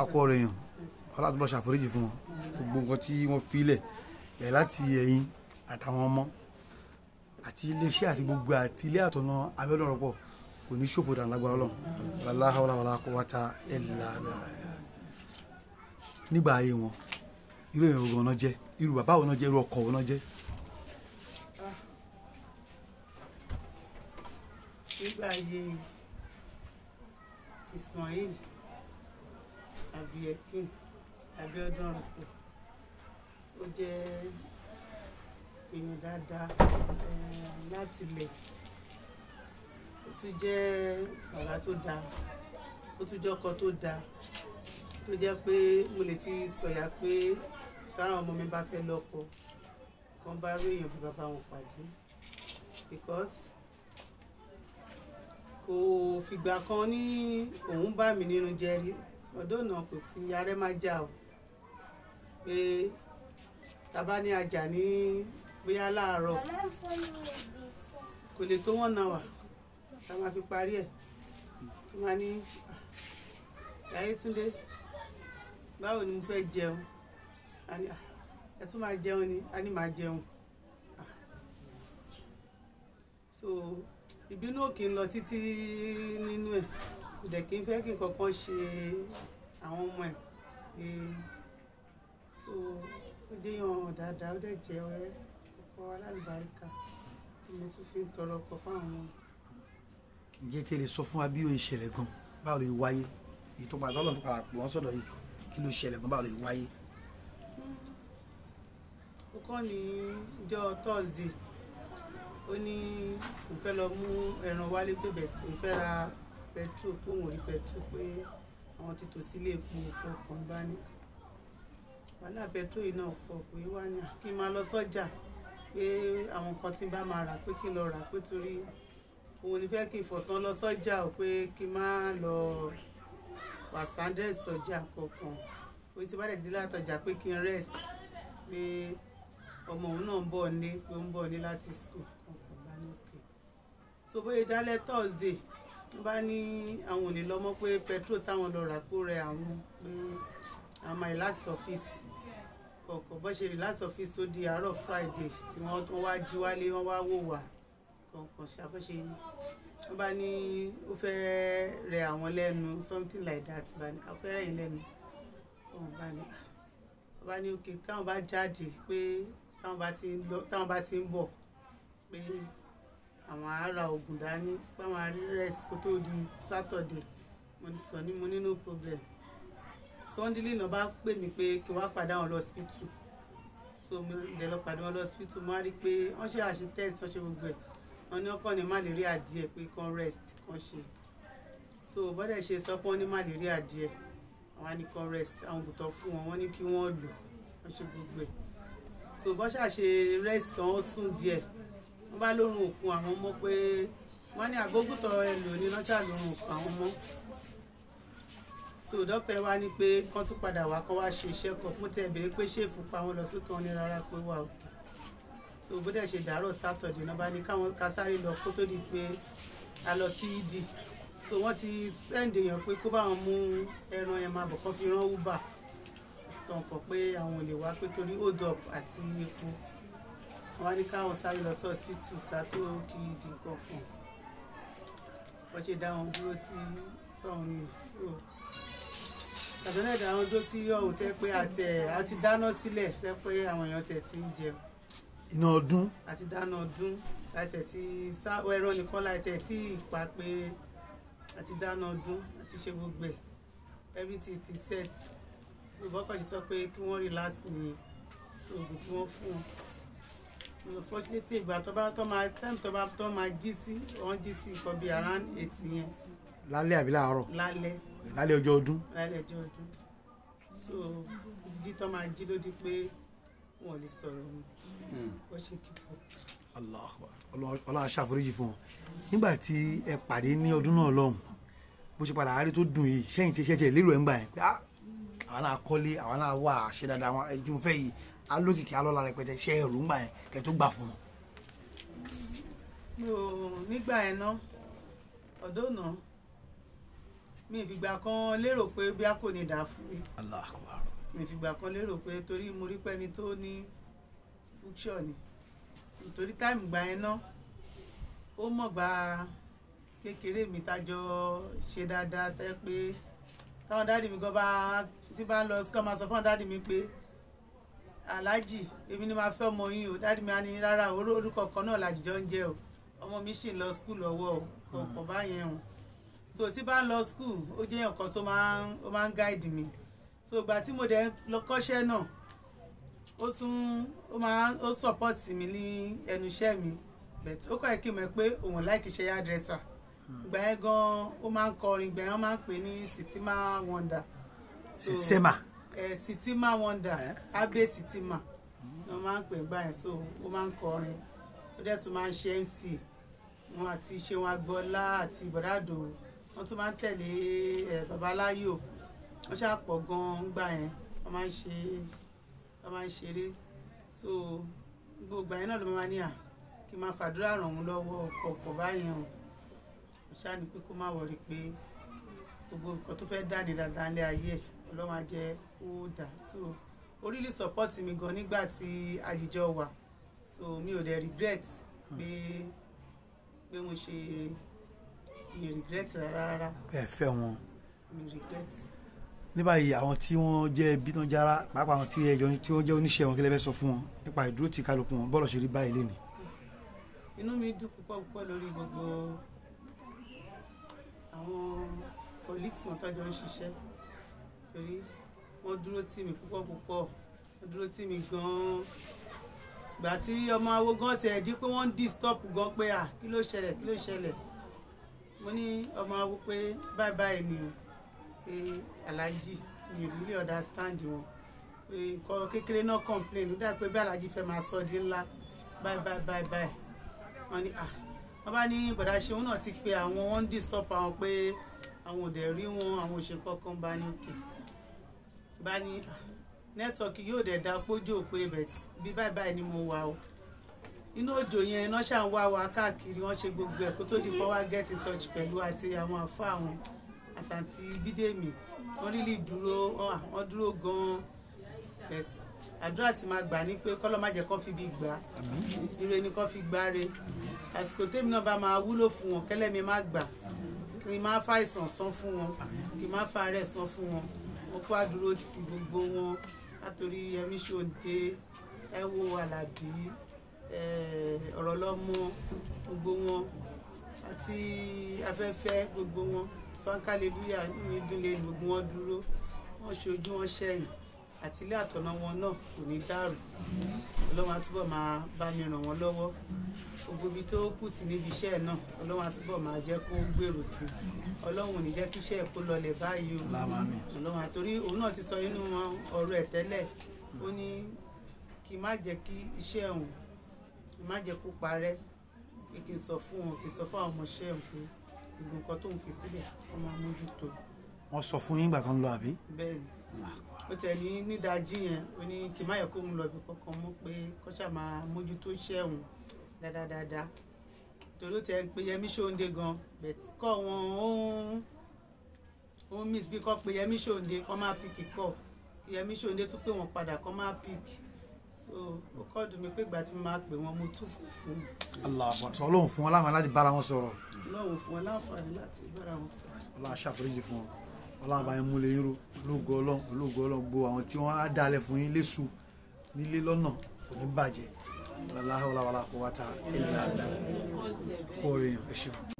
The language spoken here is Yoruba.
akọ ọ̀rọ̀ èèyàn ọlọ́dúnbọ̀ ṣàforíjì fún wọn gbogbo nǹkan tí wọ́n filẹ̀ ẹ̀ láti ẹ̀yìn àtàwọn ọmọ àti iléeṣẹ́ àti gbogbo àti ilé àtọ̀nà abẹ́lọ́rọ̀pọ̀ kò ní ṣòfò dàn lágbára Ọlọ́run wàláhà wàláhà kò wá ta ẹ̀ lára nígbà ayé wọn irú èèyàn ògùn ọ̀nà jẹ́ irú bàbá ọ̀nà jẹ́ irú ọkọ̀ ọ̀nà jẹ́. nígbà ayé Ismail abiyekin abiodun arapo ó jẹ́ èèyàn dáadáa eh, láti ilẹ̀ ó tún jẹ́ bàbá tó dáa ó tún jẹ́ ọkọ tó dáa tó jẹ́ pé mo lè fi sọ̀yà pé táwọn ọmọ mi bá fẹ́ lọ́kọ kan bá rí èèyàn bí bàbá wọn pàdé because kò fìgbà kan ní òun bá mi nínú jẹ́ ọ̀dọ́ náà kò sí arẹ́ má já o pé tàbá ní ajá ní bóyá láàárọ̀ kò lè tó wọ́n náà wà tá a máa fi parí ẹ̀ tó máa ní Yàyétúndé báwo ni mo fẹ́ jẹun ẹ tún máa jẹun ni a ní máa jẹun so ìbínú òkè ń lọ títí nínú ẹ̀ kò dẹ̀ kí n fẹ́ kí nǹkan kan ṣe àwọn ọmọ ẹ̀ pé so ó déyàn dáadáa ó dẹ̀ jẹ́ ọ̀rẹ́ ọkọ alálùbáríkà tí mo tún fi ń tọrọ ọkọ fáwọn ọmọ. ǹjẹ́ tí ẹ lè sọ fún wa bí o ìṣẹ̀lẹ̀ gan báwo lè wáyé èyí tó bá tọ́lọ́ fún parapọ̀ wọ́n sọ̀dọ̀ yìí kí ló ṣẹlẹ̀ gan báwo lè wáyé. ó kàn ní ìjọ thursday ó ní òun fẹ́ lọ mú ẹran wálé pé bẹ̀tì òun fẹ́ ra pẹtrol pé òun rí pẹtrol pé àwọn ti tò sílé epo kọ̀ọ̀kan bá ní wàhálà pẹtrol yìí náà pọ̀ pé wá ní kí n máa lọ sọ́jà pé àwọn nǹkan tí n bá máa rà pé kí n lọ rà pé torí òun ní fẹ́ kí n fọ̀sán lọ sọ́jà ò pé kí n má lọ wàsándẹ̀ sọ́jà kọ̀ọ̀kan òun ti bá dẹ̀ sí látọjà pé kí n rest pé ọmọ òun náà ń bọ̀ ní pé ó ń bọ̀ ní láti school kọ̀ọ̀kan bá ní òkè so bóyá dálẹ́ thursday wọ́n bá ní àwọn ò ní pé petrol táwọn lọ rà kó rẹ àwọn pé àwọn máa relax office kọ̀ọ̀kọ̀ bọ́ ṣe relax office tó di àárọ̀ Friday tí wọ́n wá jí wálé wọ́n wá wò wá kọ̀ọ̀kan ṣàbọ̀ṣe wọ́n bá ní ó fẹ́ rẹ àwọn lẹ́nu something like that bá ní àfẹ́rẹ́ yìí lẹ́nu ọ̀hún bá ní wọ́n bá ní òkè ah. táwọn bá jáde pé táwọn bá ti ń bọ̀ pé àwọn ará oògùn dání pé àwọn arí rest kó tó di Saturday mo kàn ní mo ní no problem suddenly náà bá pè mí pé kí wọ́n padà wọn lọ hospital so mo lè lọ padà wọn lọ hospital mo á rí i pé wọ́n ṣe àṣe test wọ́n ṣe gbogbo ẹ̀ wọ́n ní ọkọ ní malaria díẹ̀ pé kan rest kan ṣe so bọ́dẹ̀ ṣe sọ pé wọ́n ní malaria díẹ̀ àwọn ní kan rest àwọn ògùn tó fún wọn wọ́n ní kí wọ́n lò wọ́n ṣe gbogbo ẹ̀ so bọ́ ṣàṣe rest kan ó sùn díẹ̀ wọ́n bá lórun òkú àwọn ọmọ pé wọ́n ní àgógùtọ̀ ẹlò ní lọ́jà lórun òkú àwọn ọmọ so dọ́pẹ́ wa ní pé kán tún padà wá kán wá ṣe iṣẹ́ kan mo tẹ́ béèrè pé ṣé ìfúnpá wọn lọ sí kan ní rárá pé wà òkè so bó dẹ̀ ṣe dàárọ̀ sátọ̀dẹ̀ náà bá ní káwọn ká sáré lọ kó tó di pé a lọ kí ìdì so wọ́n ti sẹ́ǹdì èèyàn pé kó báwọn mú ẹran yẹn máa bọ̀ kán fi rán uber tọ̀nkọ̀ wọ́n ní káwọn sáré lọ sọ́ọ̀sìpìtì ká tó kí di nǹkan fún un wọ́n ṣe dá wọn dúró sí sọ́hún ni so tàbí náà dá wọn dúró sí ọ̀hún tẹ́ pé àtẹ àti dáná sílẹ̀ tẹ́ pé àwọn èèyàn tẹ̀ ti ń jẹun. iná ọdún. àti dáná ọdún láìtẹ̀ tí sáwọ ẹran nìkan láìtẹ̀ tí ìpa pé àti dáná ọdún àti ṣe gbogbo ẹ̀ everything ti set so bọ́kọ̀ ṣe sọ pé kí wọ́n relax ní oògùn tí wọ́n fún wọn unfortunately ìgbà tó bá tó máa time tó bá tó máa jí sí wọ́n jí sí nǹkan bíi around eight yẹn. lálẹ́ àbí láàárọ̀. lálẹ́. lálẹ́ ọjọ́ ọdún. lálẹ́ ọjọ́ ọdún so jí tó máa jí ló pé wọn ò lè sọ̀rọ̀ mi hmm. ó ṣe kí fún ọlọ́run aṣàforíjì fún ọ nígbà tí ẹ pàdé ní ọdún náà lọ́hùn bó ṣe padà àárẹ̀ tó dùn yìí sẹ́yìn tí ṣẹ́ṣẹ́ lérò ẹ̀ ń gbà yẹn pé ah, àwọn náà kọ́lé àwọn náà wà ṣe wọn ẹni tí mo fẹ́ yìí alókìkí alọ́la rẹpẹtẹ ṣe ẹrù ńgbà yẹn kẹ tó gbà fún un. nígbà yẹn ná ọ̀dọ́ nà mi ìfìgbà kan lérò pé bí a kò ní dà fún mi mi ìfìgbà kan lérò pé torí mo rí pẹ́ni tó ní fúkṣọ̀ ni nítorí táìmù gbà yẹn ná ó mọ̀gbà kékeré mi tájọ ṣe dáadáa tẹ́ pé táwọn dáàdì mi gan bá ti bá lọ sí kọ́ máa sọ fún dáàdì mi pé aláàjì èmi ni màá fẹ́ ọmọ yín o dáàdì mi á ní rárá orúkọ kan náà làjọ ń jẹ́ o ọmọ mi sì lọ skul ọwọ́ o kọ̀ọ̀kan báyẹn o so tí bá ń lọ skul ó jẹ́ èèyàn kan tó máa ń gáìdì mi so ìgbà tí mo dẹ̀ lọ kọ́ṣẹ́ náà ó tún ó máa ó support mi ní ẹnu iṣẹ́ mi but ó kọ́ ẹ̀ kí n mọ̀ pé òun láìkí iṣẹ́ yàdrẹ́sà ìgbà yẹn gan ó máa ń kọrin ìgbà ó máa ń pè ní sitima wonder. So, Sitima Wonder Abe Sitima ni wọ́n máa ń pè báyìí so ó máa ń kọrin ó dẹ̀ tún máa ń ṣe MC wọn àti Ṣeun Agbọ́lá àti bọ̀dádò wọ́n tún máa ń tẹ̀lé babaláyò wọ́n ṣàpọ̀ gan-an gbà yẹn wọ́n máa ń ṣe wọ́n máa ń ṣeré so gbogbo àyẹn náà ló máa ní à kí n máa fàdúrà ràn wọ́n lọ́wọ́ ọkọ̀ báyẹn o ṣáà ní pé kó má wọrí pé gbogbo nǹkan tó fẹ́ dá ní dáadáa ńlẹ̀ ayé ẹ̀ ọlọ́run á jẹ́ kó dà tó o really support mi gan nígbà tí àjíjọ wà so mi ò dẹ̀ regret pé pé mo ṣe mi regret rárá rárá. ẹ fẹ́ wọn. mi regret. ní báyìí àwọn tí wọ́n jẹ́ ẹbí tán jára pàápàá àwọn tí ẹjọ́ tí wọ́n jẹ́ oníṣẹ́ wọn kílẹ̀ fẹ́ sọ fún wọn nípa ìdúró ti kálukú wọn bọ́ọ̀lù ṣe rí báyìí lé ni. inú mi dùn púpọ̀ púpọ̀ lórí gbogbo àwọn colleagues wọn tọ́jọ́ ń ṣiṣẹ́ torí wọ́n dúró tì mí púpọ̀ púpọ̀ wọ́n dúró tì mí gan-an ìgbà tí ọmọ awo gan tiẹ̀ di pé wọ́n ń disturb gan pé à kí ló ṣẹlẹ̀ kí ló ṣẹlẹ̀ mo ní ọmọ awo pé bye bye ni o pé aláàjì mi ò really understand wọn pé nǹkan kékeré náà complain nígbà pé bí aláàjì fẹ́ máa sọ di ńlá bye bye bye bye wọ́n ní à wọ́n bá ní bọ̀dá ṣeun náà ti pe àwọn wọ́n ń disturb àwọn pé àwọn ò dẹ̀ rí wọn àwọn ò ṣe kankan bá ní òkè bá ní nẹ́tọ̀kì yóò dẹ̀ da pójú òpó ibẹ̀ bí báyìí báyìí ni mo wà o inú òjò yẹn iná ṣáà ń wá wa káàkiri wọ́n ṣe gbogbo ẹ̀ kó tó di pọ́wá get in touch pẹ̀lú àti àwọn àfa àwọn àtàntì bídèmí wọ́n lílì dúró wọ́n dúró gan-an bẹ̀tì àdúrà tí máa gbà ní pé kọ́lọ́ má jẹ́ kán fi bí gbà á ire ni kán fi gbáre àsìkò tèmi náà bá máa wúlò fún wọn kẹ́lẹ́ mi má gbà kí n má fa àìsàn san fún wọn kí n má fa àárẹ̀ san fún wọn mo kó àdúró ti gbogbo wọn látòrí yẹmí ṣòǹde ẹ wo alábí ọ̀rọ̀ lọ́mọ gbogbo wọn àti afẹ́fẹ́ gbogbo wọn fankaleluya nínú ìdúnlẹ̀ gbogbo wọn dúró wọn ṣojú wọn ṣẹ́yìn àti ilé àtọ̀nà wọn náà kò ní dàrú ọlọ́run àtúbọ̀ máa bá mi ràn wọ́n lọ́wọ́ gbogbo ibi tó kù sí níbi iṣẹ́ náà ọlọ́run àtúbọ̀ máa jẹ́ kó gbèrò sí ọlọ́run ò ní jẹ́ kí iṣẹ́ kó lọlẹ̀ báyìí o ọlọ́run àtòrí òun náà ti sọ inú ọ̀rọ̀ ẹ̀ tẹ́lẹ̀ ó ní kí má jẹ́ kí iṣẹ́ òun má jẹ́ kó parẹ́ pé kí n sọ fún wọn kí n sọ fún àwọn ọmọọṣẹ́ òun pé gbogbo nǹkan tóun fi sílẹ̀ kó máa wọ́n sọ fún yín ìgbà tó lọ àbí. bẹ́ẹ̀ni ó tẹ̀ ní nídàájí yẹn ó ní kì má yẹ kó ń lọ ibi kankan mọ́ pé kọ́ṣà máa mójútó iṣẹ́ dáadáa torí ó tẹ̀ ń Yẹmí Ṣóǹde gan bẹ̀tí kọ́ wọn ó ń miss bí kọ́ pe Yẹmí Ṣóǹde kọ́ máa pìkì kọ́ Yẹmí Ṣóǹde tún pé wọ́n padà kọ́ máa pìkì so ó kọ́ dùn mí pé ìgbà tí màá pè wọ́n mo tún fò fún un. aláàbò ọlọ́run fún wọn láǹfààní láti bára wọn sọ̀rọ̀. ọlọ́run fún wọn láǹfààní láti bára wọn sọ̀rọ̀. ọlọ́run aṣáfòríjì fún wọn ọlọ́run àbáyé múlẹ̀ yín ro ológo ọlọ́run ológo ọlọ́run gbogbo àwọn tí wọ́n á dalẹ̀ fún yín léṣu nílé lọ́nà kò ní bàjẹ́ lálàá ọ̀làwàlà kò wá ta ẹ̀yìn àdá pọ̀ rèèyàn ẹ̀ṣẹ̀.